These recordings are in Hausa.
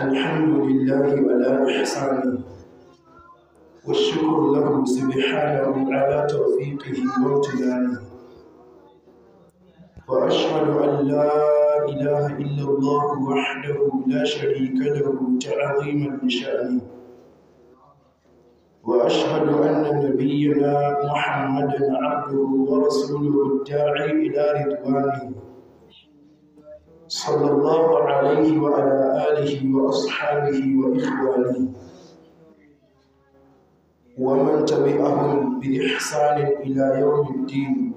الحمد لله ولا إحسانه والشكر له سبحانه على توفيقه وامتنانه وأشهد أن لا إله إلا الله وحده لا شريك له تعظيما لشأنه وأشهد أن نبينا محمدا عبده ورسوله الداعي إلى رضوانه صلى الله عليه وعلى آله وأصحابه وإخوانه ومن تبعهم بإحسان إلى يوم الدين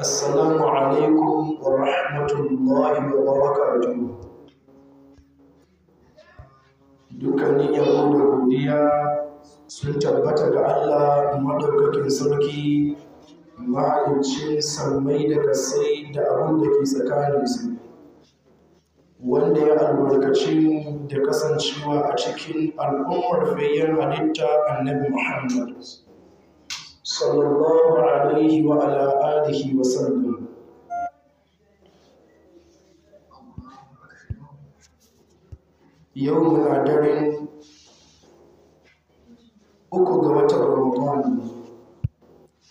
السلام عليكم ورحمة الله وبركاته dukkanin yabo da godiya sun tabbata ga Allah madaukakin sarki ma'aicin sammai da kasai da abin da ke tsakanin su wanda ya albarkaci da kasancewa a cikin al'ummar fayyan halitta annabi muhammad sallallahu alaihi wa ala alihi wa sallam yau muna daren uku ga watan ramadan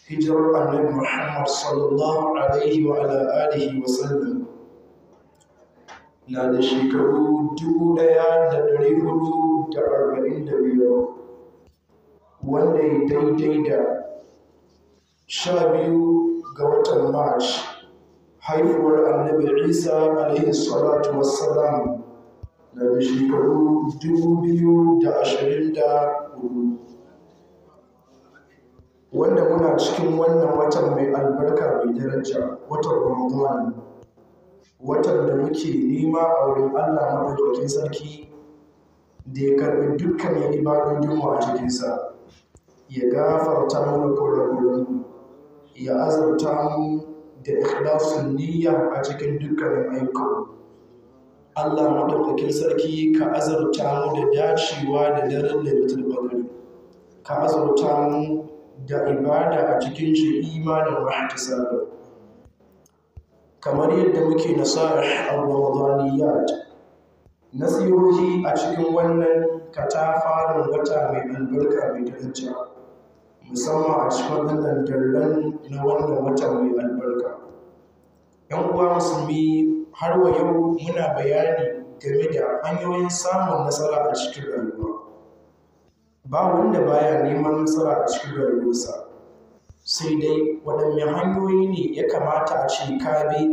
hijirar annabi muhammad sallallahu alaihi wa ala alihi wa sallam na da shekaru dubu ɗaya da ɗari hudu da arba'in da biyar wanda ya daidai da sha biyu ga watan march haihuwar annabi isa alaihi salatu wassalam na da shekaru dubu biyu da ashirin da hudu wanda muna cikin wannan watan mai albarka mai daraja watan ramadan watan da muke nema a wurin allah madaukakin sarki da ya karɓi dukkanin ibadodinmu a cikinsa ya gafarta mana kurakuranmu ya azurta mu da ikhlasun niyya a cikin dukkanin ayyukanmu allah madaukakin sarki ka azurta mu da dacewa da daren da ka azurta mu da ibada a cikin shi imanin wahtisaba kamar yadda muke nasarih ar-ramadaniyat nasihohi a cikin wannan katafarin wata mai albarka mai daraja musamman a cikin wannan dalilan na wannan wata mai albarka yan uwa musulmi har wa yau muna bayani game da hanyoyin samun nasara a cikin rayuwa ba wanda baya neman nasara a cikin rayuwarsa sai dai waɗanne hanyoyi ne ya kamata a ce ka bi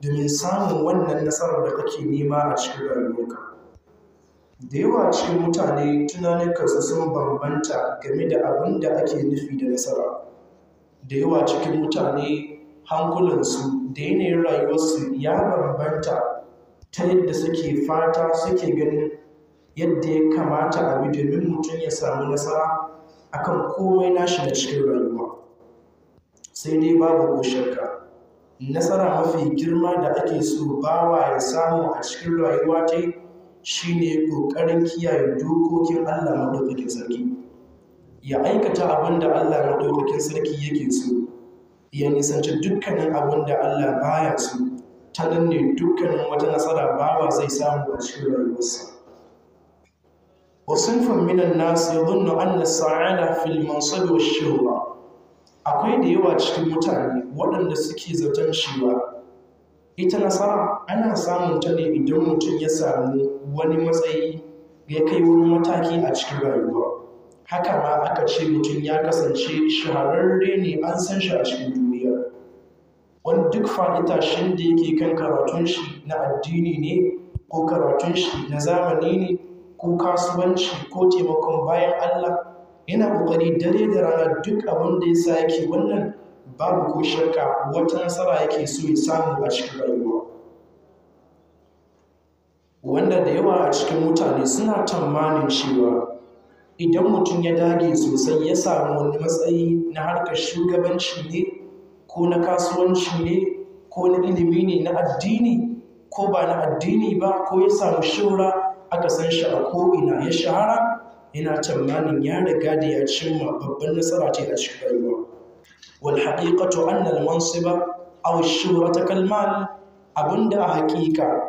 domin samun wannan nasarar da kake nema a cikin rayuwarka da yawa cikin mutane tunaninkansu sun bambanta game da abin da ake nufi da nasara da yawa cikin mutane hankulansu da yanayin rayuwarsu ya bambanta ta yadda suke fata suke ganin yadda ya kamata a bi domin mutum ya samu nasara akan komai nashi na cikin rayuwa sai dai babu ko shakka nasara mafi girma da ake so bawa ya samu a cikin rayuwa ta shine kokarin kiyaye dokokin Allah madaukakin sarki ya aikata abin da Allah madaukakin sarki yake so ya nisanci dukkanin abin da Allah baya so ta nan ne dukkanin wata nasara bawa zai samu a cikin rayuwarsa وصنف من الناس an أن yana filman المنصب والشهرة akwai da yawa cikin mutane waɗanda suke zaton cewa ita nasara ana samun ta ne idan mutum ya samu wani matsayi ya kai wani mataki a cikin rayuwa haka ma aka ce mutum ya kasance shahararre ne an san shi a cikin duniya wani duk fa'itashin da yake kan karatun shi na addini ne ko karatun shi na zamani ne ko kasuwanci ko taimakon bayan Allah yana kokari dare da rana duk abin da ya sa yake wannan babu ko shakka wata nasara yake so ya samu a cikin rayuwa wanda da yawa a cikin mutane suna tamanin cewa idan mutum ya dage sosai ya samu wani matsayi na harkar shugabanci ne ko na kasuwanci ne ko na ilimi ne na addini ko ba na addini ba ko ya samu shura aka san shi a ko'ina ya shahara yana tamanin ya riga da ya cimma babban nasara ce a cikin rayuwa wal haqiqatu anna al mansiba aw shuhrata kal mal abinda a haƙiƙa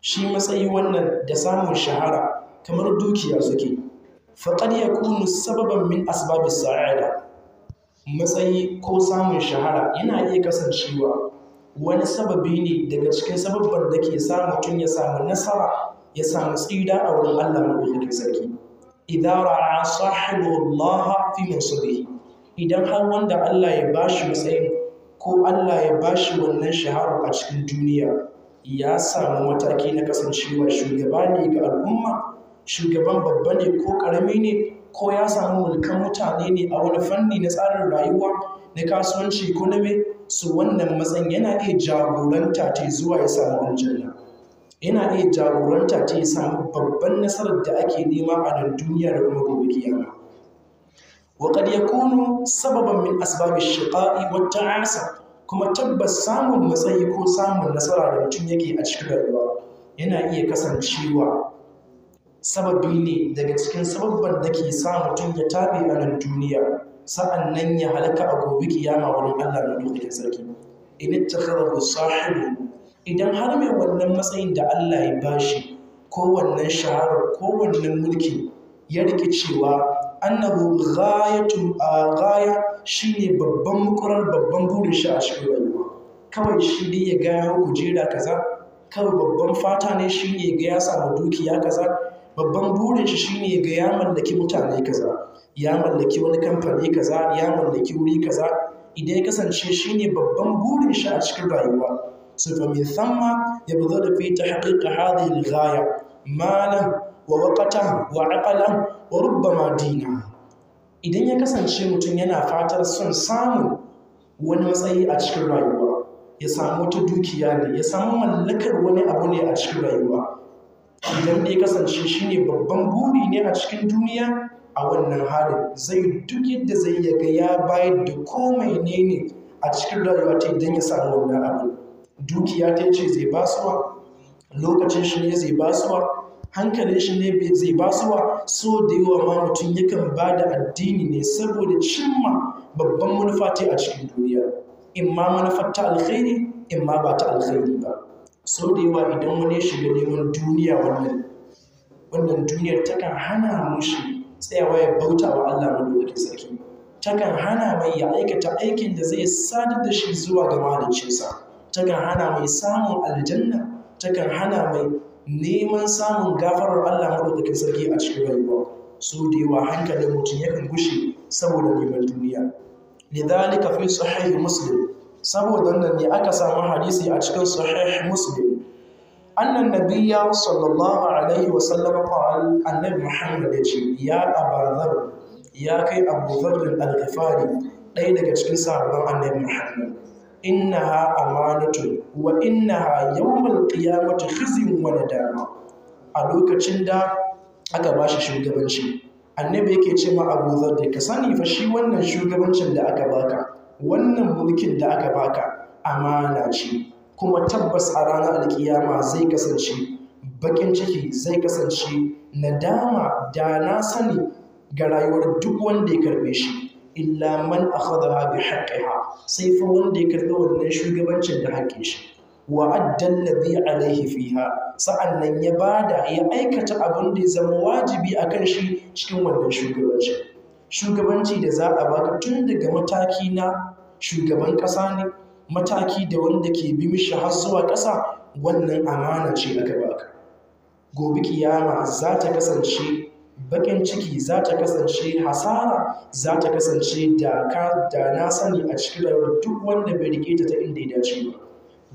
shi matsayi wannan da samun shahara kamar dukiya suke qad yakunu sababan min asbabi sa'ada matsayi ko samun shahara yana iya kasancewa wani sababi ne daga cikin sababban da ke sa mutum ya samu nasara ya samu tsira a wurin Allah madaukakin sarki idan ra'a sahibu Allah fi idan har wanda Allah ya bashi matsayin ko Allah ya bashi wannan shahara a cikin duniya ya samu mataki na kasancewa shugaba ne ga al'umma shugaban babba ne ko karami ne ko ya samu mulkan mutane ne a wani fanni na tsarin rayuwa na kasuwanci ko na me su wannan matsayin yana iya jagoranta ta zuwa ya samu aljanna yana iya jagoranta ce ya samu babban nasarar da ake nema a nan duniya da kuma gobe kiyama wa qad yakunu sababan min asbabi shiqa'i wa ta'asa kuma tabbas samun matsayi ko samun nasara da mutum yake a cikin rayuwa yana iya kasancewa sababi ne daga cikin sababban da ke sa mutum ya tabe a nan duniya sa'annan ya halaka a gobe kiyama wurin Allah na dukkan sarki in ittakhadahu sahibu idan har mai wannan matsayin da Allah ya bashi ko wannan shaharar ko wannan mulki ya riƙe cewa annabu ghayatu a ghaya shine babban mukurar babban burin shi a cikin rayuwa kawai shi ne ya ga ya kujera kaza kawai babban fata ne shi ne ga ya samu dukiya kaza babban burin shi ne ga ya mallaki mutane kaza ya mallaki wani kamfani kaza ya mallaki wuri kaza idan ya kasance shi ne babban burin shi a cikin rayuwa فمن ثم يبذل في تحقيق هذه الغاية ماله ووقته وعقله وربما دينه idan ya kasance mutum yana fatar son samu wani matsayi a cikin rayuwa ya samu wata dukiya ne ya samu mallakar wani abu ne a cikin rayuwa idan ya kasance shine babban buri ne a cikin duniya a wannan halin zai duk yadda zai yaga ya bayar da komai ne ne a cikin rayuwa ta idan ya samu wannan abu dukiya ta ce zai basuwa lokacin shi ne zai basuwa hankalin shi ne zai basuwa so da yawa ma mutum yakan ba da addini ne saboda cimma babban manufa ta a cikin duniya in ma manufar ta alkhairi in ma ba ta alkhairi ba so da yawa idan wani shiga neman duniya wannan wannan duniyar takan hana mushi tsayawa ya bauta wa Allah madaukakin sarki takan hana mai ya aikata aikin da zai sadar da shi zuwa ga mahaliccinsa takan hana mai samun aljanna takan hana mai neman samun gafarar Allah ke sarki a cikin rayuwa so da yawa hankalin mutum yakan gushe saboda neman duniya ne lidhalika fi sahih muslim saboda wannan ne aka samu hadisi a cikin sahih muslim annan biya sallallahu alaihi wa sallam qala annabi muhammad ya ce ya abazar ya kai abu zarrin ɗaya daga cikin sahabban annabi muhammad innaha amanatun wa innaha yawmul qiyamati khizyun wa nadama a lokacin da aka ba shi shugabanci annabi yake ce ma Abu Dharr ka sani fa shi wannan shugabancin da aka baka wannan mulkin da aka baka amana ce kuma tabbas a ranar alkiyama zai kasance bakin ciki zai kasance nadama da na sani ga rayuwar duk wanda ya karbe shi illa man akhadha bi haqqiha sai fa wanda ya karɓi wannan shugabancin da haƙƙin shi wa adda alladhi alaihi fiha sa'annan ya bada ya aikata abin da ya zama wajibi akan shi cikin wannan shugabanci shugabanci da za a baka tun daga mataki na shugaban ƙasa ne mataki da wanda ke bi mishi har zuwa ƙasa wannan amana ce aka baka gobe kiyama za ta kasance Bakin ciki za ta kasance hasara za ta kasance da na sani a cikin rayuwar duk wanda bai rike ta ta inda ya dace ba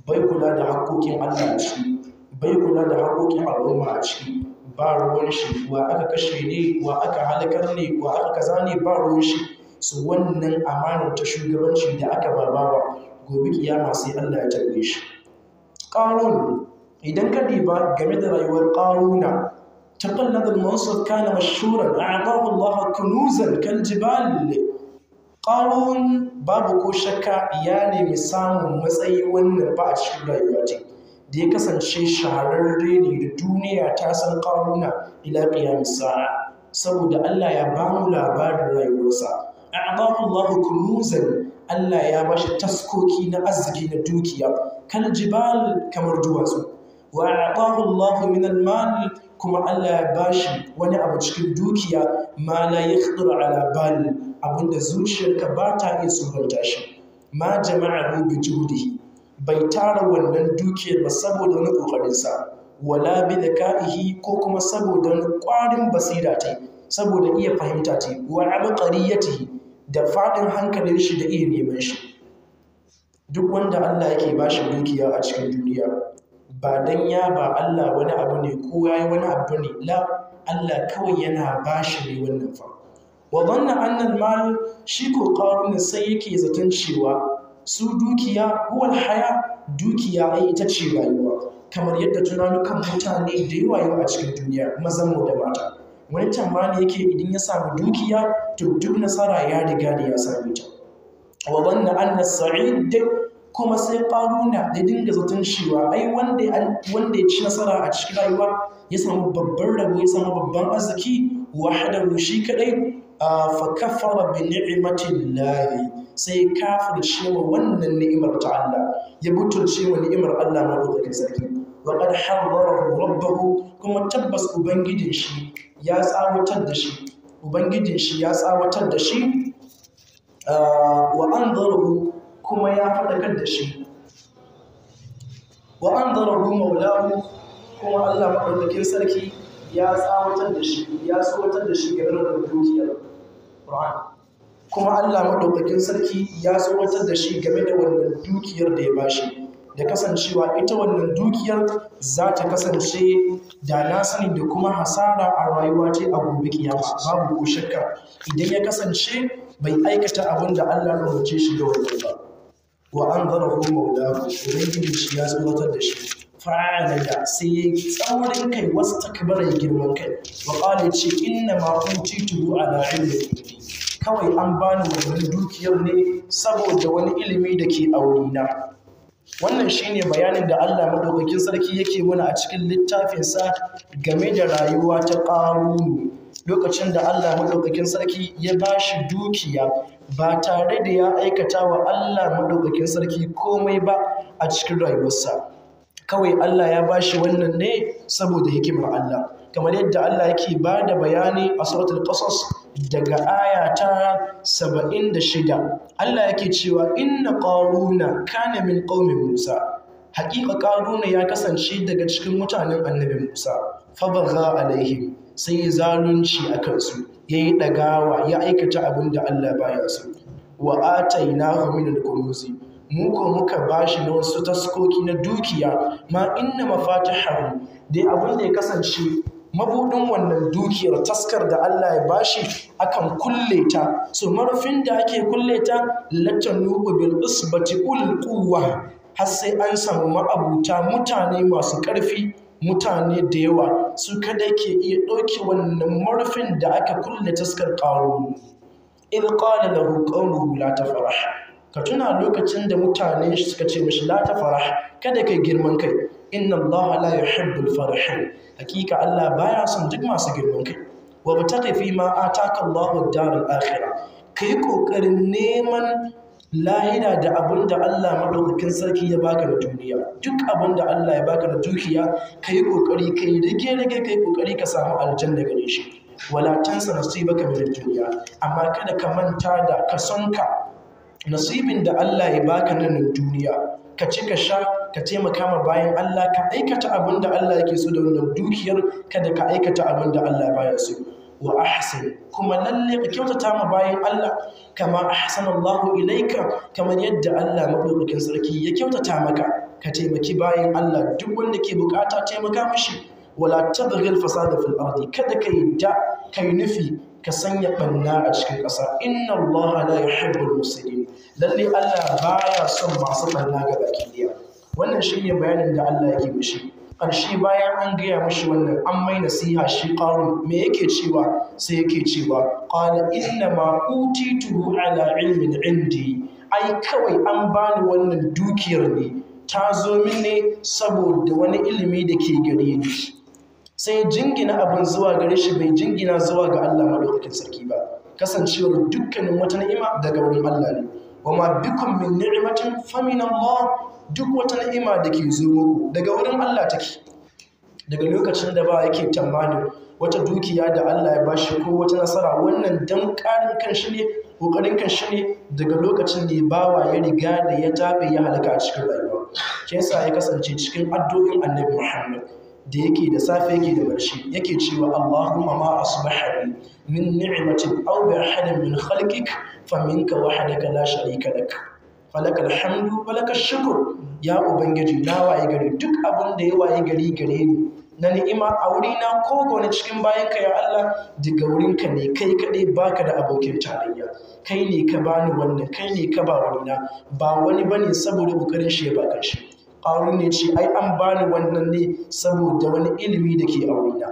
bai kula da haƙoƙin Allah a ciki bai kula da haƙoƙin al'umma a ciki ba ruwan shi wa aka kashe ne wa aka halakar ne wa aka kaza ne ba ruwan shi su wannan amanar ta shugabanci da aka babawa gobe kiyama sai Allah ya tarbe shi qarun idan ka diba game da rayuwar ƙaruna تقلد المنصب كان مشهورا أعطاه الله كنوزا كالجبال قارون babu ko shakka ya nemi samun matsayi wannan ba a cikin da ya kasance shahararre ne da duniya ta san karuna ila qiyamis sa'a saboda Allah ya bamu labarin rayuwarsa a'adahu Allahu kunuzan Allah ya bashi taskoki na arziki na dukiya kal jibal kamar duwatsu wa a'tahu Allah min al mali kuma Allah ya bashi wani abu cikin dukiya ma la yakhdur ala labarin abinda zuciyarka ba ta iya surunta shi ma jama'a bi jihudi bai tara wannan dukiyar ba saboda wani ƙoƙarinsa sa wala bi ka'ihi ko kuma saboda wani kwarin basira ta saboda iya fahimta ta wa abqariyatihi da faɗin hankalin shi da iya neman shi duk wanda Allah yake bashi dukiya a cikin duniya ba don ya ba Allah wani abu ne ko ya yi wani abu ne la Allah kawai yana ba shi ne wannan fa wa zanna annal mal shi ko qarun sai yake zaton cewa su dukiya huwal haya dukiya ai ita ce rayuwa kamar yadda tunanukan mutane da yawa yau a cikin duniya mazan mu da mata wani tambani yake idan ya samu dukiya to duk nasara ya riga da ya samu ta wa zanna anna sa'id kuma sai faruna da dinga zaton cewa ai wanda ya ci nasara a cikin rayuwa ya samu babban rabo ya samu babban arziki wahada shi kadai fa kafara bi ni'mati llahi sai kafirce cewa wannan ni'imar ta Allah ya butulce wa ni'imar Allah ma da sarki wa qad harrarahu rabbahu kuma tabbas ubangijin shi ya tsawatar da shi ubangijin shi ya tsawatar da shi wa kuma ya faɗakar da shi wa an zararu kuma Allah maɗaukakin sarki ya tsawatar da shi ya tsawatar da shi ga irin dukiyar kuma Allah maɗaukakin sarki ya tsawatar da shi game da wannan dukiyar da ya bashi da kasancewa ita wannan dukiyar za ta kasance da na sani da kuma hasara a rayuwa ce a gobe kiyama babu ko shakka idan ya kasance bai aikata abin da Allah ya umarce shi da wannan ba wa an zara hu maulahu ubangiji shi ya tsoratar da shi fa'ala da sai ya tsaurin kai wasu takbara ya girman kai wa qala ce inna ma a ala ilmi kawai an bani wannan dukiyar ne saboda wani ilimi da ke wurina. wannan shine bayanin da Allah madaukakin sarki yake mana a cikin littafinsa game da rayuwa ta ƙarunu lokacin da Allah maɗaukakin sarki ya ba shi dukiya ba tare da ya aikata wa Allah maɗaukakin sarki komai ba a cikin rayuwarsa kawai Allah ya bashi wannan ne saboda hikimar Allah kamar yadda Allah yake ba da bayani a suratul qasas daga aya ta 76 Allah yake cewa inna qaruna kana min qaumi Musa haƙiƙa ƙaruna ya kasance daga cikin mutanen annabi Musa fa bagha alaihim sai zalunci a kansu ya yi ɗagawa ya aikata abin da Allah baya so wa a min al-kunuzi mu ko muka bashi na wasu taskoki na dukiya ma inna mafatihahu dai abin da ya kasance mabudin wannan dukiyar taskar da Allah ya bashi akan kulle ta so marufin da ake kulle ta nuku bil usbati ul quwwa har sai an samu ma'abuta mutane masu ƙarfi mutane da yawa su kadai ke iya ɗauke wannan marfin da aka kulle taskar ƙarun idh qala lahu qawluhu la tafrah ka tuna lokacin da mutane suka ce mashi la tafrah kada ka girman kai inna allaha la yuhibbul farihin hakika allah baya son duk masu girman kai wa ta taqifi ma ataka allahu ad-dar al kai ƙoƙarin neman lahira da abin da Allah maɗaukakin sarki ya baka da duniya duk abin da Allah ya baka da dukiya ka yi ƙoƙari ka yi rage-rage ka yi ƙoƙari ka samu aljanna gare shi wala tansa baka mai duniya amma kada ka manta da ka ka. nasibin da Allah ya baka na duniya ka ci ka sha ka taimaka ma bayan Allah ka aikata abin da Allah yake so da wannan dukiyar kada ka aikata abin da Allah baya so wa ahsan kuma lalle ka kyautata ma bayan Allah kama ahsanallahu ilaika kamar yadda Allah madaukakin sarki ya kyautata maka ka taimaki bayan Allah duk wanda ke bukata taimaka mashi wala tabghil fasada fil ardi kada ka yadda kai nufi ka sanya banna a cikin ƙasa inna Allah la yuhibbul mufsidin lalle Allah baya son masu banna ga baki daya wannan shine bayanin da Allah yake mishi ƙarshe bayan an gaya mashi wannan an mai nasiha shi ƙarun me yake cewa sai yake cewa qala inna ma utituhu ala ilmin indi ai kawai an bani wannan dukiyar ne ta zo mini saboda wani ilimi da ke gare ni sai jingina abin zuwa gare shi bai jingina zuwa ga Allah madaukakin sarki ba kasancewar dukkanin wata ni'ima daga wani Allah ne wa ma bikum min ni'matin fa Allah duk wata ni'ima da ke zo muku daga wurin Allah take daga lokacin da ba yake tamanin wata dukiya da Allah ya bashi ko wata nasara wannan dan karin kan shi ne kokarin kan shi ne daga lokacin da bawa ya riga da ya tabe ya halaka a cikin rayuwa ke yasa ya kasance cikin addu'o'in Annabi Muhammad da yake da safe yake da barci yake cewa Allahumma ma asbaha min ni'matin aw bi ahadin min khalqik fa minka wahdaka la sharika lak falakar hamdu falakar shukur ya ubangiji na waye gari duk abin da ya waye gari gare ni na ni'ima a wurina ko gona cikin bayanka ya Allah daga wurinka ne kai kaɗai baka da abokin tarayya kai ne ka bani wannan kai ne ka ba wurina ba wani bane saboda kokarin shi ya baka shi ƙarun ne ce ai an bani wannan ne saboda wani ilimi da ke a wurina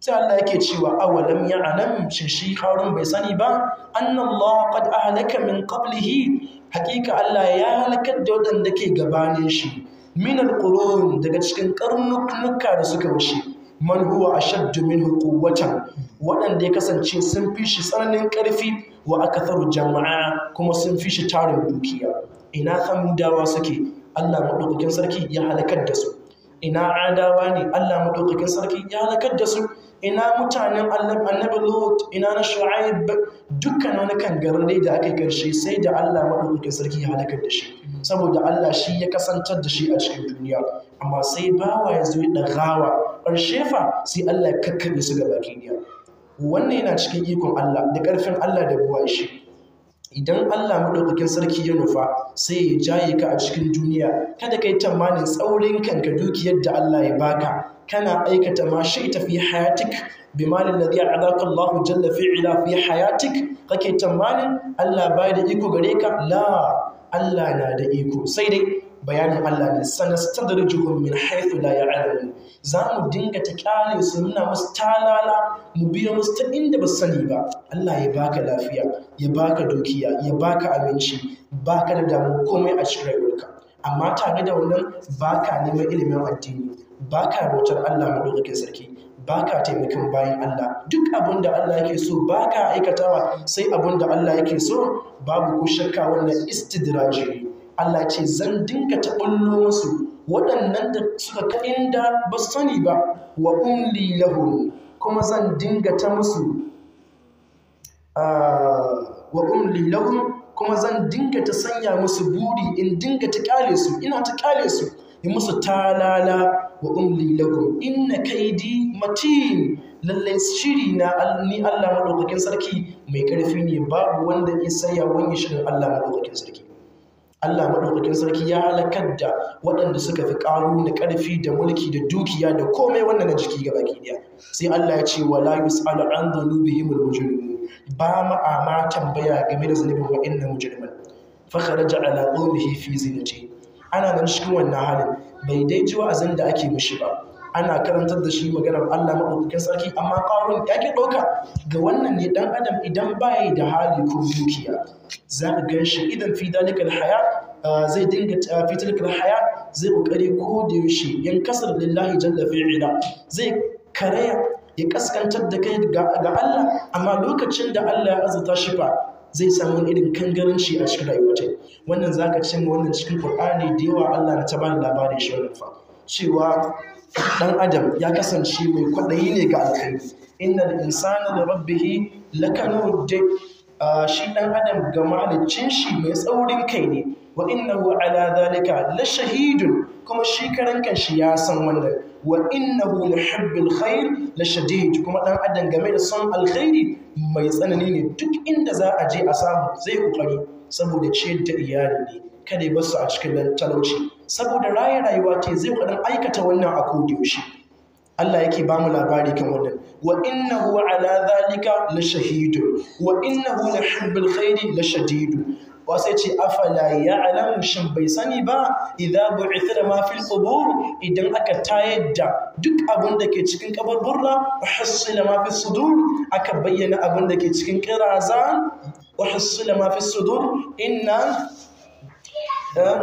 sai Allah yake cewa awalam ya nan? shin shi harun bai sani ba anna kad qad ahlaka min qablihi hakika Allah ya halakar da waɗanda ke gabanin shi minal qurun daga cikin karnuka da suka wuce man huwa ashaddu minhu quwwatan waɗanda ya kasance sun fi shi tsananin ƙarfi wa akatharu jama'a kuma sun fi shi tarin dukiya ina samudawa suke Allah madaukakin sarki ya halakar da su ina adawa ne Allah madaukakin sarki ya halakar da su ina mutanen annabi Lot ina na Shu'aib dukkan wani kan garin da aka karshe sai da Allah madaukakin sarki ya halakar da shi saboda Allah shi ya kasantar da shi a cikin duniya amma sai bawa ya zo da gawa karshe fa sai Allah ya kakkabe su ga baki wannan yana cikin ikon Allah da karfin Allah da buwa shi idan Allah maɗaukakin sarki ya nufa sai ya jaye ka a cikin duniya kada ka yi tamanin tsaurin kanka dukiyar da Allah ya baka kana aikata ma ita fi hayatik bi malin ladhi a'adaka Allah jalla fi'ila fi hayatik kake tamanin Allah bai da iko gare ka la Allah na da iko sai dai bayanin Allah ne sanastadrijuhum min haythu la ya'lamun za mu dinga ta kyale su muna musu talala mu biya musu ta inda ba sani ba Allah ya baka lafiya ya baka dukiya ya baka aminci baka da damu komai a cikin rayuwarka amma tare da wannan ba ka neman ilimin addini ba ka bautar Allah maɗaukakin sarki ba ka taimakon bayan Allah duk abin da Allah yake so ba ka aikatawa sai abin da Allah yake so babu ku shakka wannan istidraji Allah ce zan dinga taɓullo masu waɗannan da suka kaɗin da ba sani ba wa umli lahum kuma zan dinga ta musu ah, wa umli kuma zan dinga ta sanya musu buri in dinga ta kyale su ina ta kyale su in musu talala wa umli lakum inna kaidi matin lallai shiri na ni Allah madaukakin sarki mai karfi ne babu wanda ya saya wani shirin Allah madaukakin sarki Allah madaukakin sarki ya halakar da waɗanda suka fi ƙaru da ƙarfi da mulki da dukiya da komai wannan na jiki gaba ki sai Allah ya ce wala yus'alu an al mujrimun ba mu a ma tambaya game da zunubin wa inna mujriman fa kharaja ala qawmihi fi zinati ana nan cikin wannan halin bai dai ji wa'azin da ake mishi ba ana karantar da shi maganar Allah maɗaukakin sarki amma ƙarun ya ke ɗauka ga wannan ne ɗan adam idan baya da hali ko dukiya za a gan shi idan fi dalikal haya zai dinga fi haya zai ƙoƙari ko da yaushe yan kasar lillahi jalla fi'ila zai karaya ya kaskantar da kai ga Allah amma lokacin da Allah ya azurta shi fa zai samu irin kangaranci a cikin rayuwa wannan zaka cin wannan cikin Qur'ani da yawa Allah na ta bani labarin shi wannan fa cewa dan adam ya kasance mai kwadayi ne ga alkhairi innal insana li rabbih lakanud shi dan adam ga mahalicin shi mai tsaurin kai ne wa innahu ala dhalika la shahidun kuma shi karankar shi ya san wannan wa innahu muhibbul khair la shadid kuma dan adam game da son alkhairi mai tsanani ne duk inda za a je a samu zai kokari saboda ciyar da iyali ne kada ya su a cikin talauci saboda raya rayuwa ce zai kokarin aikata wannan a yaushe. Allah yake ba mu labari kan wannan wa innahu ala dhalika la shahid wa innahu la hubbul khair la Shadidu. wasu sai ce ya ya'lamu shin bai sani ba idan bu'itha ma fil qubur idan aka tayar da duk abin da ke cikin kabarburra wa hasila ma mafi sudur aka bayyana abin da ke cikin kirazan wa hasila ma mafi sudur inna eh,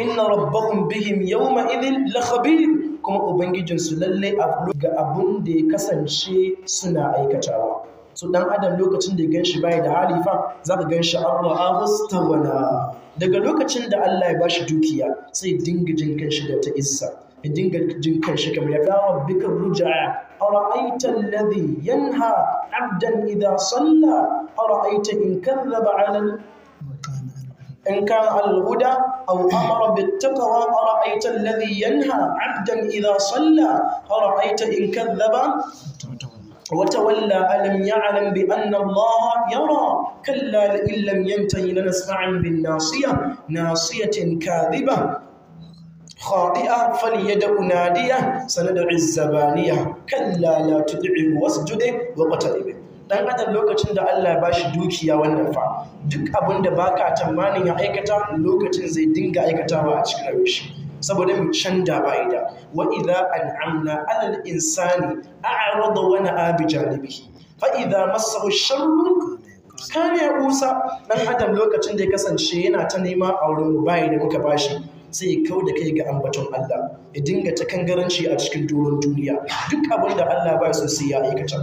inna rabbahum bihim yawma idhin la khabir kuma ubangijinsu lalle ga abun da ya kasance suna aikatawa so dan adam lokacin da ya ganshi bai da hali fa zaka ganshi Allah aghstawana daga lokacin da Allah ya bashi dukiya sai dinga jin kanshi da ta isa ya dinga jin kanshi kamar ya dawo bika ruja'a ara'aita alladhi yanha 'abdan idha salla ara'aita in kan alal In kadhaba a إن كان الهدى أو أمر بالتقوى أرأيت الذي ينهى عبدا إذا صلى in kan كذب وتولى ألم يعلم بأن الله يرى كلا لئن لم ينتهي لنسمعا بالناصية ناصية كاذبة خاطئة فليدع نادية سندع الزبانية كلا لا تدعه واسجد وقتلبه dan adam lokacin da Allah ya bashi dukiya wannan fa duk abin da baka tamanin ya aikata lokacin zai dinga aikatawa a cikin shi saboda mu canja ba'ida wa idza an'amna alal insani a'rada wa na'a bi janibihi fa idza massahu sharru kana ya kusa dan adam lokacin da ya kasance yana ta nema a wurin mu bayi da muka bashi sai ya kau da kai ga ambaton Allah ya dinga ta kangaranci a cikin doron duniya duk abin da Allah ba so sai ya aikata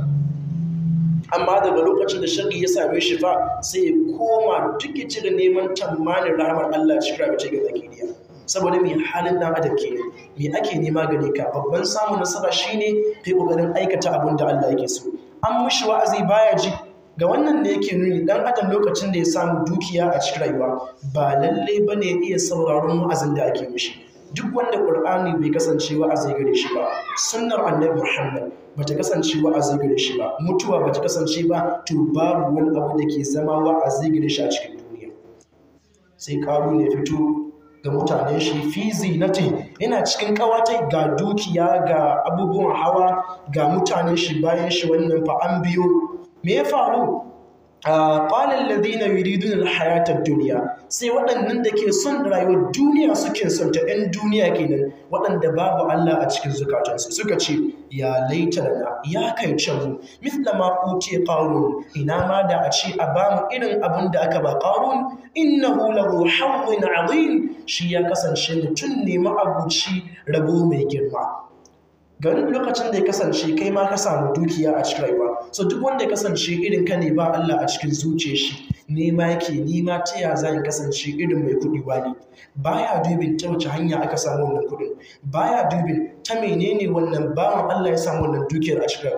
amma daga lokacin da shirki ya same shi fa sai ya koma duk ya cire neman tamanin rahmar Allah cikin rabi ga zakiriya saboda mai halin da adam ke mai ake nema gare ka babban samun nasara shine kai kokarin aikata abin da Allah yake so an mushi wa'azi baya ji ga wannan da yake nuni dan adam lokacin da ya samu dukiya a cikin rayuwa ba lalle bane ne iya sauraron wa'azin da ake mishi duk wanda Qur'ani bai kasance wa'azi gare shi ba sunnar Annabi Muhammad bata kasance wa'azi gare shi ba mutuwa bata kasance ba to babu wani abu da ke zama wa'azi gare shi a cikin duniya sai karu ne fito ga mutane shi fi zinati yana cikin kawatai ga dukiya ga abubuwan hawa ga mutane shi bayan shi wannan fa an biyo me ya faru qala alladhina yuriduna alhayata ad-dunya sai waɗannan da ke son rayuwar duniya suke son ta ɗan duniya kenan waɗanda babu Allah a cikin zukatansu suka ce ya laitana ya kai mu mithla ma uti qarun ina ma da a ce a bamu irin abin da aka ba qarun innahu lahu hawwin azim shi ya kasance tun ne abuci rabo mai girma Garin lokacin da ya kasance kai ma ka samu dukiya a cikin rayuwa so duk wanda ya kasance irin ka ne ba Allah a cikin zuciyar shi nema yake nima ta ya za kasance irin mai kuɗi wani baya dubin ta wace hanya aka samu wannan kuɗin baya dubin ta menene wannan bawan Allah ya samu wannan dukiyar a shiga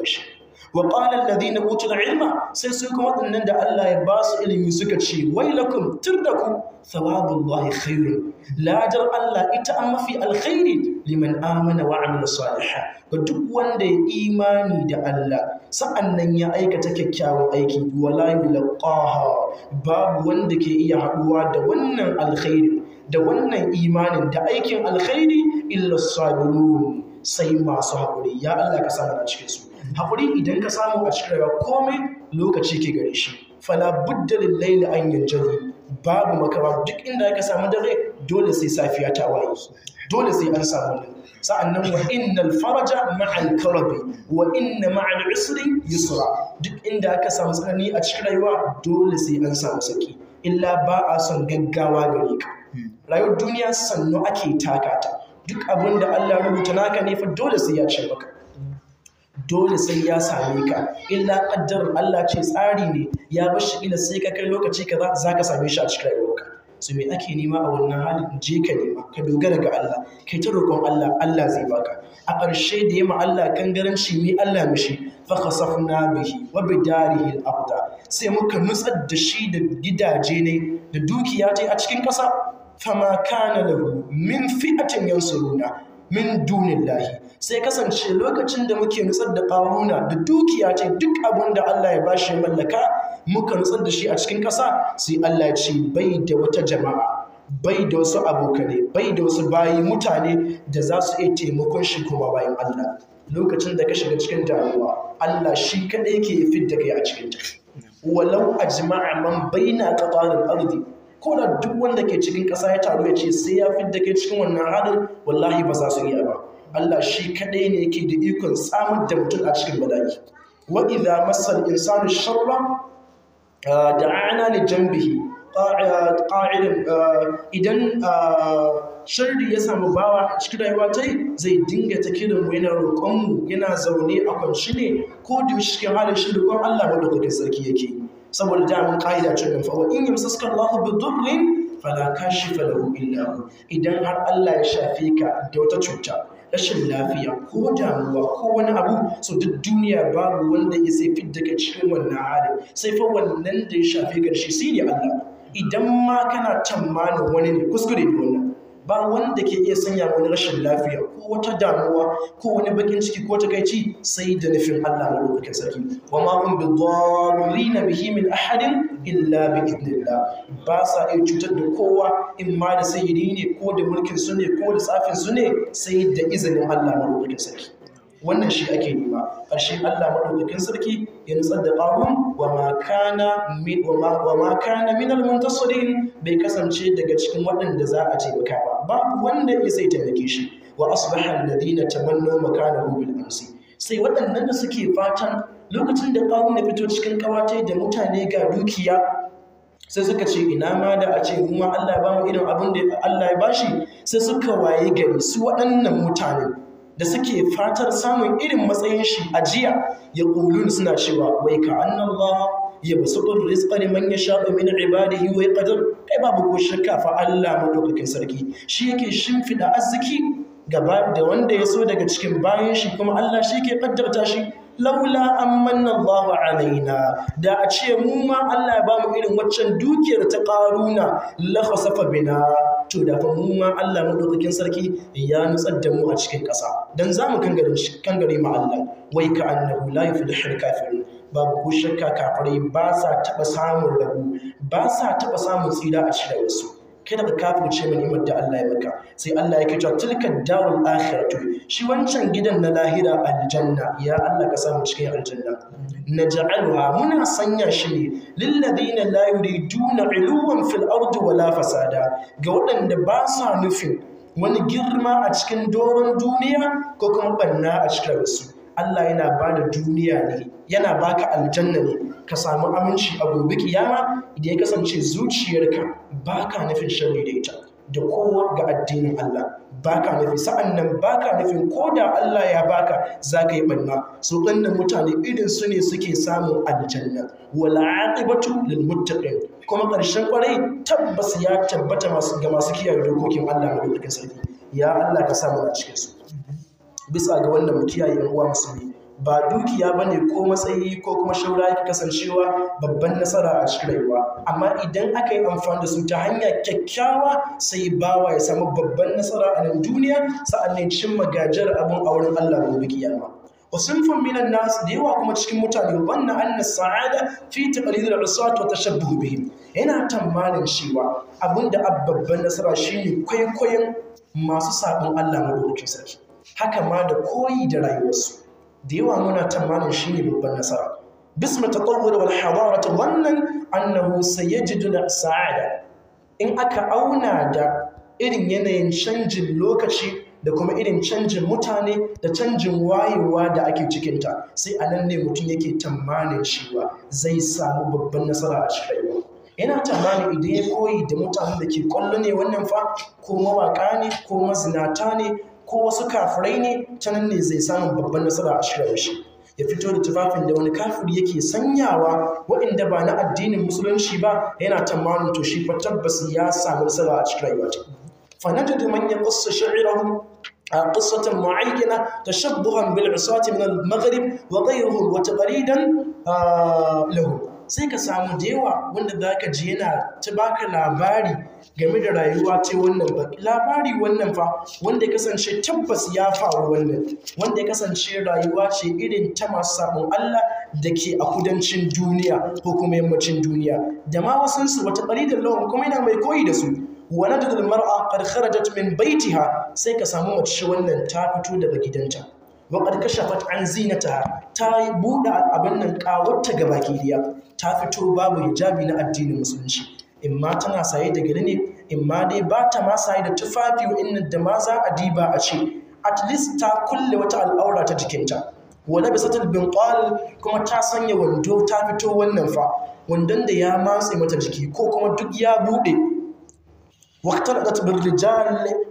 wa qala alladhina da ilma sai su kuma waɗannan da Allah ya ba su ilimi suka ce wailakum tirdaku thawabullahi khairun ladar Allah ita an mafi alkhairi liman amana wa amila salihah ga duk wanda ya imani da Allah sa'annan ya aikata kyakkyawan aiki wala yulqaha babu wanda ke iya haɗuwa da wannan alkhairi da wannan imanin da aikin alkhairi illa sabirun sai masu haƙuri ya Allah ka samu a cikin su haƙuri idan ka samu a cikin rayuwa komai lokaci ke gare shi fala budda lillahi an babu makawa duk inda ka samu dare dole sai safiya ta waye dole sai an samu nan. sa'annan wa innal faraja al karabi wa inna al usri yusra duk inda ka samu tsanani a cikin rayuwa dole sai an samu saki illa ba a son gaggawa gare ka rayuwar duniya sannu ake takata duk abin da Allah rubuta naka ne fa dole sai ya ce maka dole sai ya same ka illa qaddar Allah ce tsari ne ya bar shi ila sai ka kai lokaci ka za zaka same shi a cikin rayuwarka so me ake nema a wannan halin je ka nema ka dogara ga Allah kai ta roƙon Allah Allah zai baka a ƙarshe da yamma Allah kangaranci mi Allah mishi fa khasafna bihi wa bidarihi al-aqda sai muka nutsar da shi da gidaje ne da dukiya ta a cikin ƙasa fama kana lahu min fi'atin yansuruna min dunillahi sai kasance lokacin da muke nutsar da ƙaruna da dukiya ce duk abin da Allah ya bashi ya mallaka muka nutsar da shi a cikin ƙasa sai Allah ya ce bai da wata jama'a bai da wasu abokanai bai da wasu bayi mutane da za su iya taimakon shi kuma bayan Allah lokacin da ka shiga cikin damuwa Allah shi kaɗai ke fidda kai a cikin ta walau ajma'a man baina qatarin ardi ko da duk wanda ke cikin ƙasa ya taru ya ce sai ya fidda kai cikin wannan halin wallahi ba za su iya ba Allah shi kaɗai ne yake da ikon samun da mutum a cikin bala'i wa idza masal insanu sharra da'ana li janbihi qa'idan idan sharri ya samu bawa a cikin rayuwa ta zai dinga ta kiran mu yana roƙon mu yana zaune a kwanci ne ko da cikin halin shi roƙon Allah ba da sarki yake saboda damun ƙa'ida ce ɗin fawa in yamsaska Allahu bi durrin fala shi lahu illa idan har Allah ya shafe ka da wata cuta rashin lafiya ko damuwa ko wani abu so duk duniya babu wanda ya sai fidda daga cikin wannan halin sai fa wannan da ya shafi ka shi ne Allah idan ma kana tamanin wani ne kuskure ne ba wanda ke iya sanya wani rashin lafiya ko wata damuwa ko wani bakin ciki ko takaici sai da nufin Allah na lokacin sarki wa ma hum bidarrina bihi min ahadin illa bi idnillah ba sa iya cutar da kowa in ma da sayyidi ne ko da mulkin su ne ko da tsafin su ne sai da izinin Allah na lokacin sarki wannan shi ake nema ƙarshe Allah madaukakin sarki ya nutsar da ƙarun wa ma kana min wa ma min al-muntasirin bai kasance daga cikin waɗanda za a taimaka ba babu wanda ya sai taimake shi wa asbaha alladhina tamannaw makanahu bil amsi sai waɗannan da suke fatan lokacin da ƙarun ya fito cikin kawatai da mutane ga dukiya sai suka ce ina ma da a ce kuma Allah ba mu irin abin da Allah ya bashi sai suka waye gari su waɗannan mutanen da suke fatar samun irin matsayin shi a jiya ya ƙulun suna cewa wai ka annallah ya basu ɗin rizƙa liman ya shaɓa min ibadihi wai ƙadar kai babu ko shakka fa Allah madaukakin sarki shi yake shimfiɗa arziki gaba da wanda ya so daga cikin bayan shi kuma Allah shi ke ƙaddarta shi laula an manna Allahu alaina da a ce mu ma Allah ya bamu irin waccan dukiyar ta ƙaruna la khasafa bina to da fa mu ma Allah madaukakin sarki ya nutsar da mu a cikin ƙasa dan za mu kangare mu Allah wai ka annahu la yuflihul kafirun babu ko shakka kafirai ba sa taɓa samun rabu ba sa taba samun tsira a cikin wasu kada ka kafirce ma ni'imar da Allah ya maka sai Allah yake cewa tilka darul akhiratu shi wancan gidan na lahira aljanna ya Allah ka samu cikin aljanna naj'aluha muna sanya shi ne lil na la yuriduna 'uluwan fil ardi wala fasada ga waɗanda ba sa nufin wani girma a cikin doron duniya ko kuma banna a cikin rasu Allah yana ba da duniya ne yana ba ka aljanna ne ka samu aminci a gobe kiyama idan ya kasance zuciyarka Ba ka nufin sharri da ita da kowa ga addinin Allah Ba ka nufi sa'an nan ba ka nufin ko da Allah ya baka za ka yi banna su ɗannan mutane irin su ne suke samun aljanna wala aqibatu lil muttaqin kuma ƙarshen kwarai tabbas ya tabbata ga masu kiyaye dokokin Allah da dokokin sarki ya Allah ka samu a cikin bisa ga wannan mukiyaye kiyaye uwa uwa musulmi ba dukiya ba ne ko matsayi ko kuma shaura yake kasancewa babban nasara a cikin rayuwa amma idan aka yi amfani da su ta hanya kyakkyawa sai bawa ya samu babban nasara a nan duniya sa'an ne cimma magajar abin auren Allah gobe kiyama wa minan nasu da yawa kuma cikin mutane wannan anna sa'ada fi da al ta wa tashabbuh bihim yana tamanin cewa abinda babban nasara shine kwaikwayon masu sabon Allah na madaukakin sarki haka ma da koyi da rayuwarsu da yawa muna tamanin shi ne babban nasara bisma taqawwur wal hadara wannan annahu da sa'ada in aka auna da irin yanayin canjin lokaci da kuma irin canjin mutane da canjin wayewa da ake cikinta sai a nan ne mutum yake tamanin cewa zai samu babban nasara a cikin rayuwa yana tamanin idan ya koyi da mutanen da ke kwallo ne wannan fa ko mawaka ne ko mazinata ne ko wasu kafirai ne ta nan ne zai samun babban nasara a cikin shi ya fito da tufafin da wani kafiri yake sanyawa waɗanda ba na addinin musulunci ba yana tamanin to shi fa tabbas ya samu nasara a cikin rayuwa ta fanajid man yaqassu sha'irahu قصة معينة تشبها بالعصاة من المغرب وغيرهم ƙaridan, لهم sai ka samu da yawa wanda za ka ji yana ta baka labari game da rayuwa ce wannan ba labari wannan fa wanda ya kasance tabbas ya faru wannan wanda ya kasance rayuwa ce irin ta masu samun Allah da ke a kudancin duniya ko kuma yammacin duniya da ma wasansu wata ɓari da lawan kuma yana mai koyi da su wani da mar'a qad kharajat min baitiha sai ka samu mace wannan ta fito daga gidanta waƙar kashafat an zina ta buɗe abin nan ƙawarta ga baki ɗaya ta fito babu hijabi na addinin musulunci in ma tana saye da gari ne in ma dai ba ta ma saye da tufafi wa'innan da ma za a diba a ce at least ta kulle wata al'aura ta jikinta Wani bisa talbin ƙwal kuma ta sanya wando ta fito wannan fa wandon da ya matse mata jiki ko kuma duk ya buɗe waqtaladat bil rijal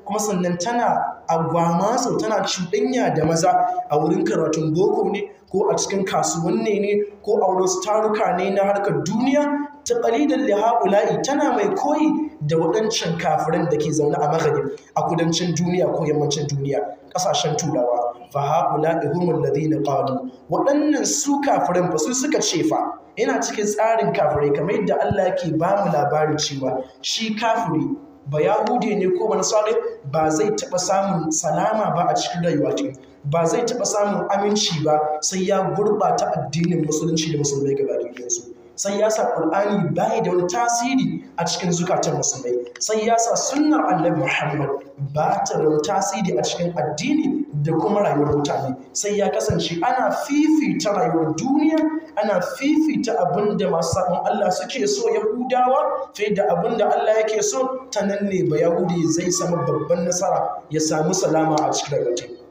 kuma sannan tana agwama sau tana cuɗanya da maza a wurin karatun boko ne ko a cikin kasuwanni ne ko a wurin taruka ne na harkar duniya ta qalidan li haula'i tana mai koyi da waɗancan kafirin da ke zaune a maghrib a kudancin duniya ko yammacin duniya ƙasashen turawa fa haula'i humul ladina qalu waɗannan su kafirin ba su suka ce fa Ina cikin tsarin kafirai kamar yadda Allah ke ba mu labari cewa shi kafiri ba yahude ne ko ba nasare ba zai taɓa samun salama ba a cikin rayuwa ce ba zai taɓa samun aminci ba sai ya gurbata addinin musulunci da musulmai gaba da su sai ya sa Qur'ani baya da wani tasiri a cikin zukatan musulmai sai ya sa sunnar Annabi Muhammad ba ta da tasiri a cikin addini da kuma rayuwar mutane sai ya kasance ana fifita rayuwar duniya ana fifita abin da masu sabon Allah suke so Yahudawa fiye da abin da Allah yake so ta nan ne ba Yahudi zai samu babban nasara ya samu salama a cikin rayuwar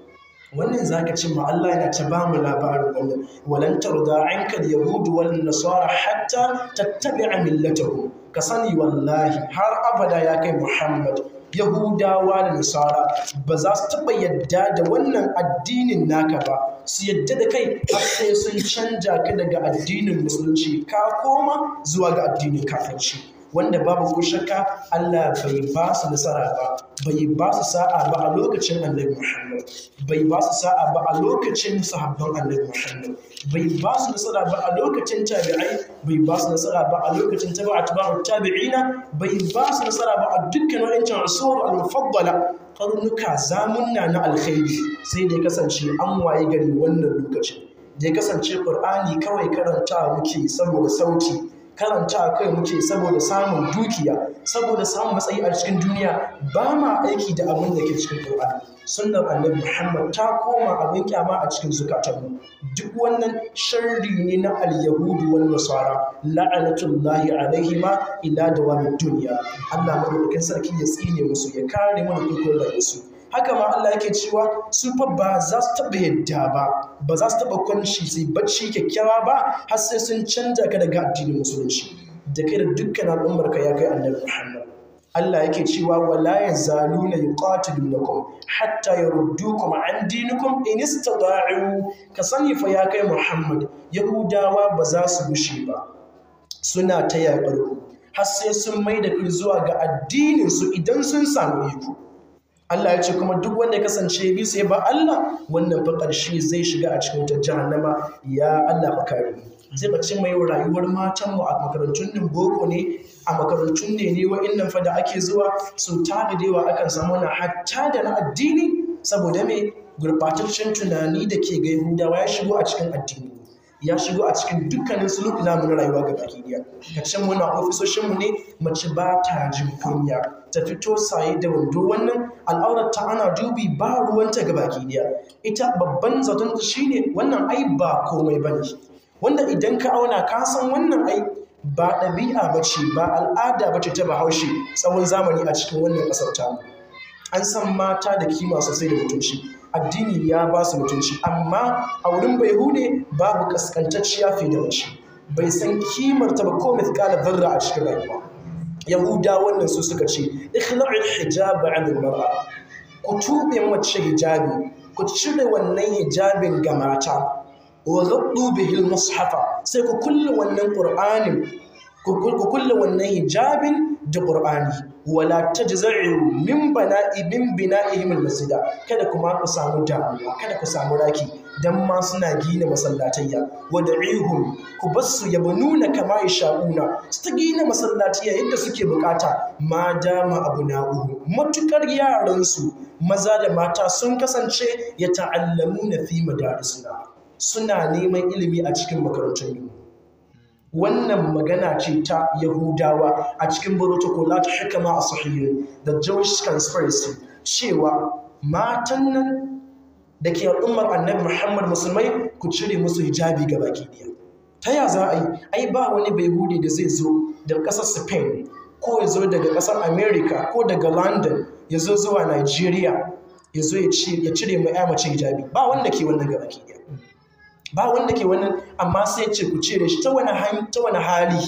wannan zaka ci ma Allah yana ta ba mu labarin wannan walan Yahudu anka al-yahud wal nasara hatta tattabi'a millatahu ka sani wallahi har abada ya kai Muhammad Yahudawa da Nasara ba za su taɓa yadda da wannan addinin naka ba su yadda da kai har sai sun canja ka daga addinin musulunci ka koma zuwa ga addinin kafirci wanda babu ko shakka Allah bai ba su nasara ba bai ba su sa'a ba a lokacin annabi Muhammad bai ba su sa'a ba a lokacin sahabban annabi Muhammad bai ba su nasara ba a lokacin tabi'ai bai ba su nasara ba a lokacin tabi'at tabi'ina bai ba su nasara ba a dukkan wa'ancan rasuwar al-mufaddala karnuka zamunna na alkhairi sai da kasance an waye gari wannan lokacin da ya kasance Qur'ani kawai karanta muke saboda sauti karanta a kai muke saboda samun dukiya saboda samun matsayi a cikin duniya ba ma aiki da abin da ke cikin ƙura sunnar annabi Muhammad ta koma abin kyama a cikin zukatanmu duk wannan sharri ne na al-yahudu wal nasara la'anatullahi ma ila wani duniya. Allah madaukakin sarki ya tsine musu ya kare mana dukkan rayuwarsu haka ma Allah yake cewa su fa ba za su taɓa yadda ba ba za su taɓa kwanci sai bacci kyakkyawa ba har sai sun canza ka daga addinin musulunci da kai da dukkan al'ummar ka ya kai annabi Muhammad Allah yake cewa wala yazaluna yuqatilunakum hatta yaruddukum an dinikum in istata'u ka sani fa ya kai Muhammad Yahudawa ba za su gushe ba suna ta yaƙar ku har sai sun mai da zuwa ga addinin su idan sun samu iko Allah ya ce kuma duk wanda ya kasance bi sai ba Allah wannan fa karshe zai shiga a cikin wutar jahannama ya Allah ka kare zai bacci mai rayuwar matan mu a makarantun nan boko ne a makarantun ne ne wa'annan fa da ake zuwa su ta da yawa akan samu na hatta da na addini saboda me gurbataccen tunani da ke ga Yahudawa ya shigo a cikin addini ya shigo a cikin dukkanin suluk namu na rayuwa ga baki daya kacin wannan ofisoshin mu ne mace ba ta jin kunya ta fito saye da wando wannan al'aurar ta ana dubi ba ruwanta ga baki daya ita babban zaton ta shine wannan ai ba komai bane wanda idan ka auna ka san wannan ai ba ɗabi'a ba ce ba al'ada ba ce ta bahaushe tsawon zamani a cikin wannan ƙasar ta an san mata da kima sosai da mutunci addini ya ba su mutunci amma a wurin bai hude babu kaskantacciya fi da mace bai san kimar ta ba ko mithqala dharra a cikin rayuwa yahuda wannan su suka ce ikhla'il hijaba 'an al-mar'a ku tube mace hijabi ku cire wannan hijabin ga mata wa ghaddu bihil mushafa sai ku kulle wannan qur'anin ku kulle wannan hijabin da ƙur'ani wala ta tajza'u min bana min bina ihimin masjida kada kuma ku samu damuwa kada ku samu raki dan ma suna gina masallatayya ihun ku basu bassu nuna kama sha'una su ta gina masallatayya yadda suke bukata ma dama abu abuna'uhu matukar yaransu maza da mata sun kasance ya ta'allamu na fi madarisuna suna neman ilimi a cikin makarantun yau wannan magana ce ta yahudawa a cikin protocolat hikama a sahihin da jewish conspiracy cewa matan nan da ke al'ummar annabi muhammad musulmai ku cire musu hijabi ga baki ɗaya ta ya za a yi ai ba wani bai da zai zo da ƙasar spain ko ya zo daga ƙasar america ko daga london ya zo zuwa nigeria ya zo ya cire mai ya mace hijabi ba wanda ke wannan ga baki ɗaya ba wanda ke wannan amma sai ce ku cire shi ta wani hali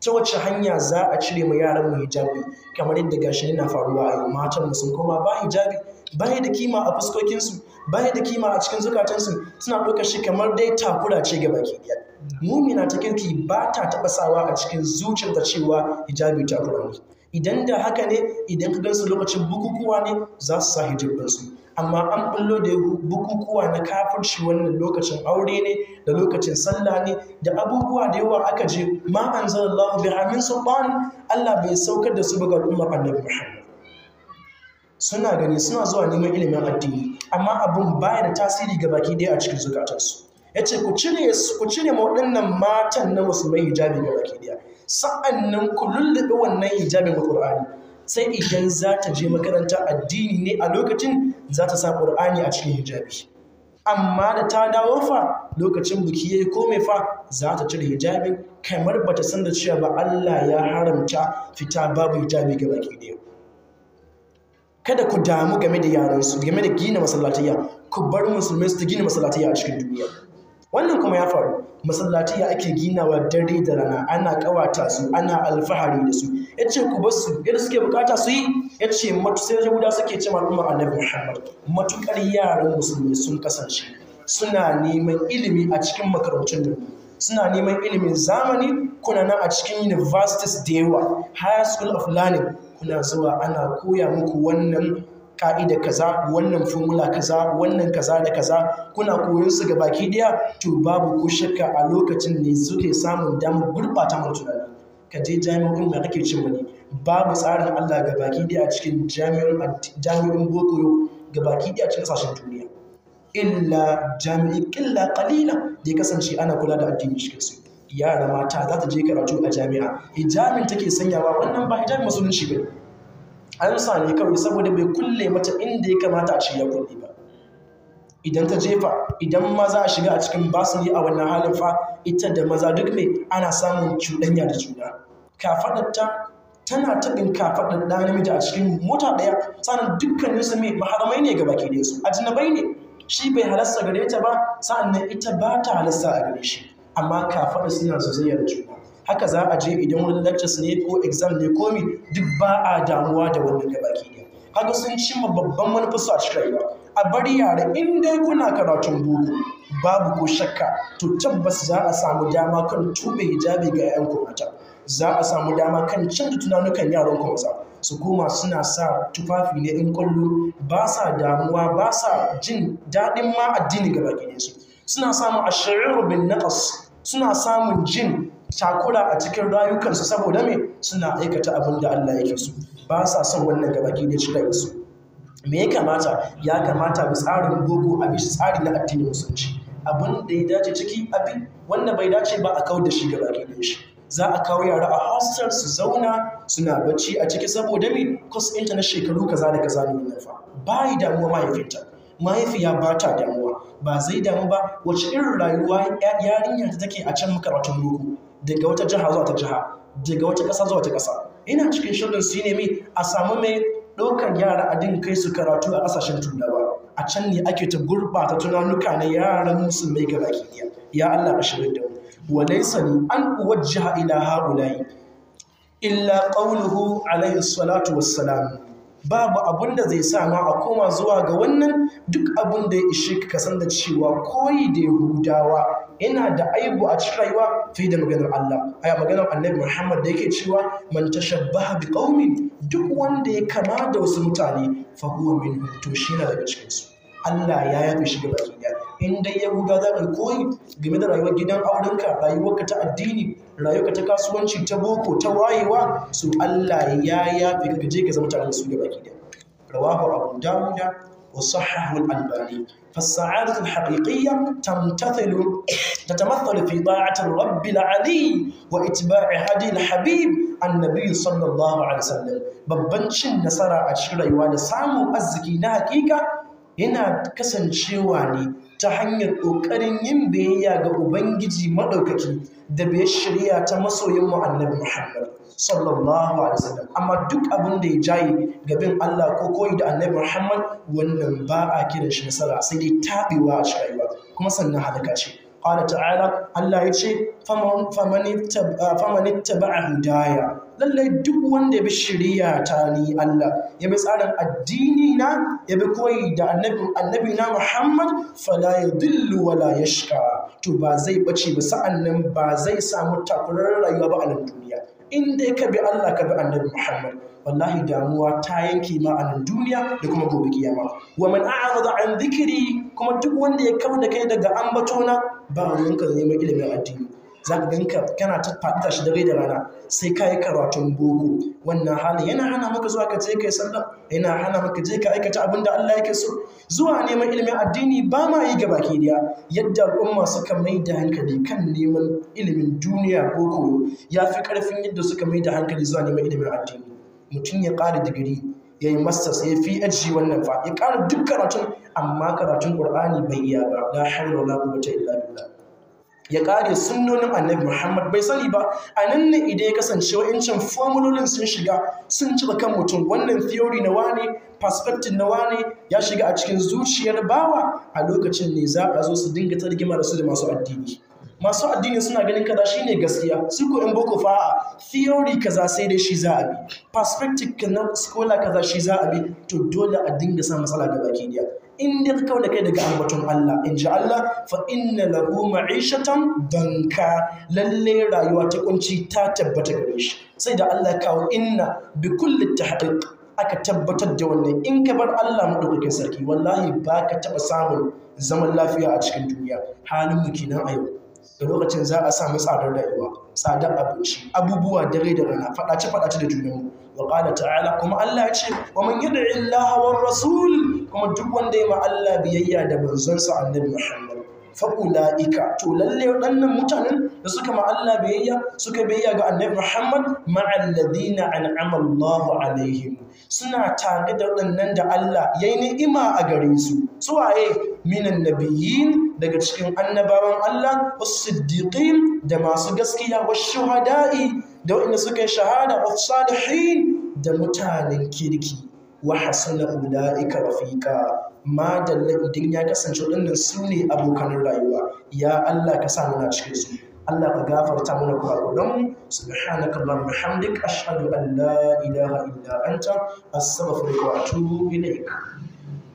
ta wacce hanya za a cire mu yaran mu hijabi kamar yadda gashi yana faruwa a yau matan mu sun koma ba hijabi ba da kima a fuskokin su ba da kima a cikin zukatan su suna ɗaukar shi kamar dai takura ce ga baki mumina ta kirki ba ta taba sawa a cikin zuciyar ta cewa hijabi takura ne idan da haka ne idan ka gansu lokacin bukukuwa ne za su sa su amma an bullo da bukukuwa na kafirci wannan lokacin aure ne da lokacin sallah ne da abubuwa da yawa aka je ma anzalallahu biramin min sultan Allah bai saukar da su ga al'ummar Annabi Muhammad suna gani suna zuwa neman ilimin addini amma abun baya da tasiri ga baki daya a cikin ya yace ku cire ku cire waɗannan matan na musulmai hijabi ga baki daya sa'annan ku lullube wannan hijabin Qur'ani sai idan za ta je makaranta addini ne a lokacin za ta sa ƙur'ani a cikin hijabi amma da ta dawo fa lokacin biki ya yi mai fa za ta cire hijabi kamar bata san da cewa ba Allah ya haramta fita babu hijabi ga baki ɗaya kada ku damu game da yaransu game da gina masallatayya ku bar musulmai su gina masallatayya a cikin duniya wannan kuma ya faru masallaci ya ake ginawa dare da rana ana kawata su ana alfahari da su ya ce ku basu yadda suke bukata su yi ya ce sai guda suke ce al'ummar annabi muhammad matukar yaran musulmi sun kasance suna neman ilimi a cikin makarantun da suna neman ilimin zamani kuna nan a cikin universities da yawa high school of learning kuna zuwa ana koya muku wannan ka'ida kaza wannan formula kaza wannan kaza da kaza kuna koyon su ga baki daya to babu ko shakka a lokacin ne suke samun damar gurɓata mu tunani ka je jami'o'in da kake cin wani babu tsarin Allah ga baki daya a cikin jami'o'in boko yau ga baki daya cikin kasashen duniya illa jami'i killa qalila da ya kasance ana kula da addini shi yara mata za ta je karatu a jami'a hijabin take sanyawa wannan ba hijabin musulunci bane amsa ne kawai saboda bai kulle mata inda ya kamata a ce ya kulle ba idan ta jefa idan maza a shiga a cikin basiri a wannan halin fa ita da maza duk mai ana samun cuɗanya da juna kafaɗarta tana taɓin kafaɗar ɗa namiji a cikin mota ɗaya sannan dukkanin su mai maharamai ne ga baki ɗaya su ajnabai ne shi bai halasta gare ta ba sa'annan ita ba ta halasta a gare shi amma kafaɗar suna sosayyar juna haka za a je idan wani lectures ne ko exam ne ko mi duk ba a damuwa da wannan gabaki ne haka sun cimma babban manufarsu a cikin rayuwa a bari yara in dai kuna karatun boko babu ko shakka to tabbas za a samu dama kan tube hijabi ga 'yan mata za a samu dama kan canza tunanukan yaran ku maza su koma suna sa tufafi ne in kwallo ba sa damuwa ba sa jin daɗin ma addini gaba su suna samun ashirin bin naqas suna samun jin shakura a cikin rayukansu saboda me suna aikata abin da Allah yake so ba sa son wannan gabaki da shi su me ya kamata ya kamata bi tsarin boko a bi tsari na addinin musulunci abin da ya dace ciki abin wannan bai dace ba a kawar da shi gaba da shi za a kawo yara a hostel su zauna suna bacci a ciki saboda me kos ɗinta na shekaru kaza da kaza ne nan fa bai damuwa mahaifinta mahaifiya ba ta damuwa ba zai damu ba wace irin rayuwa yarinyar da take a can makarantar boko daga wata jiha zuwa ta jiha daga wata ƙasa zuwa ta ƙasa ina cikin shirin su ne mai a samu mai ɗaukar yara a din kai su karatu a ƙasashen turawa a can ne ake ta gurbata tunanuka na yaran musulmai gaba ɗaya ya Allah ka shirin da mu wa ni an wajjaha ila haula'i illa qawluhu alayhi salatu wassalam babu abun da zai sa ma a koma zuwa ga wannan duk abun da ya ishe ka san da cewa koyi da yahudawa ina da aibu a cikin rayuwa fiye da maganar Allah aya maganar annabi Muhammad da yake cewa man tashabbaha bi qaumin duk wanda ya kama da wasu mutane fa huwa minhum to shi na daga cikin su Allah ya yafe shi gaba in dai yahuda za ka koyi game da rayuwar gidan aurenka rayuwar ka ta addini rayuka ta kasuwanci ta boko ta wayewa su Allah ya yafe ka je ka zama tare da su da baki da rawahu abu dawuda wa sahahu al-albani فالسعادة الحقيقية تمتثل تتمثل في طاعة الرب العلي وإتباع هدي الحبيب النبي صلى الله عليه وسلم babbancin nasara a cikin rayuwa da samun arziki na hakika yana kasancewa ne ta hanyar ƙoƙarin yin biyayya ga Ubangiji maɗaukaki da bai shirya ta masoyin mu annabi Muhammad sallallahu alaihi wasallam amma duk abin da ya jaye ga bin Allah ko koyi da annabi Muhammad wannan ba a kiran shi nasara sai dai tabewa a cikin rayuwa kuma sannan halaka ce qala ta'ala Allah ya ce ba a hudaya lallai duk wanda ya bi shari'a ta ni Allah ya bi tsarin addini na ya bi koyi da annabi annabi na Muhammad fala yadillu wala yashqa to ba zai bace ba sa'an nan ba zai samu takurar rayuwa ba a duniya in dai ka bi Allah ka bi annabi Muhammad wallahi damuwa ta yanke ma a nan duniya da kuma gobe kiyama wa man a'rada an dhikri kuma duk wanda ya kawo da kai daga ambatona ba ruwanka neman ilimin addini za ka gani kana ta faɗi da dare da rana sai ka yi karatun boko wannan hali yana hana maka zuwa ka je ka yi sallah yana hana maka je ka aikata abin da Allah yake so zuwa neman ilimin addini ba ma yi gaba ke daya yadda al'umma suka mai da hankali kan neman ilimin duniya ko koyo ya fi ƙarfin yadda suka mai da hankali zuwa neman ilimin addini mutum ya ƙara digiri ya yi masters ya fi PhD wannan fa ya ƙara duk karatun amma karatun ƙur'ani bai yi ba la hawla wala quwwata illa billah ya kare sunnonin annabi Muhammad bai sani ba a nan ne idan ya kasance wa'incin formulolin sun shiga sun ci kan mutum wannan theory na wane perspective na wane ya shiga a cikin zuciyar bawa a lokacin ne za a zo su dinga targima da su da masu addini masu addini suna ganin kaza shi ne gaskiya su ko in boko fa'a theory kaza sai dai shi za a bi perspective na scholar kaza shi za a bi to dole a dinga sa matsala gaba baki in dai kawai da kai daga ambaton Allah in ji Allah fa inna lahu ma'ishatan banka lalle rayuwa ta kunci ta tabbata gare shi sai da Allah kawo inna bi kulli tahqiq aka tabbatar da wannan in ka bar Allah madaukakin sarki wallahi ba ka taɓa samun zaman lafiya a cikin duniya halin mu kenan a yau da lokacin za a samu tsadar rayuwa tsadar abinci abubuwa dare da rana faɗace faɗace da junanmu wa qala ta'ala kuma Allah ya ce wa man yad'i Allah hawan rasul kuma duk wanda ya ma Allah biyayya da manzonsa annabi Muhammad ika. to lalle waɗannan mutanen da suka ma'alla biyayya suka biyayya ga annabi Muhammad ma'alladina an'ama Allahu alaihim suna tare da waɗannan da Allah yayi ni'ima a gare su suwaye minan nabiyyin daga cikin annabawan Allah was-siddiqin da masu gaskiya wa shuhadai da waɗanda suka yi shahada wa salihin da mutanen kirki wa hasuna ulaika rafika ma dalla idan ya kasance waɗannan su ne abokan rayuwa ya Allah ka sa muna cikin su Allah ka gafarta mana kurakuran subhanaka allahumma hamdik ashhadu an la ilaha illa anta astaghfiruka wa atubu ilaik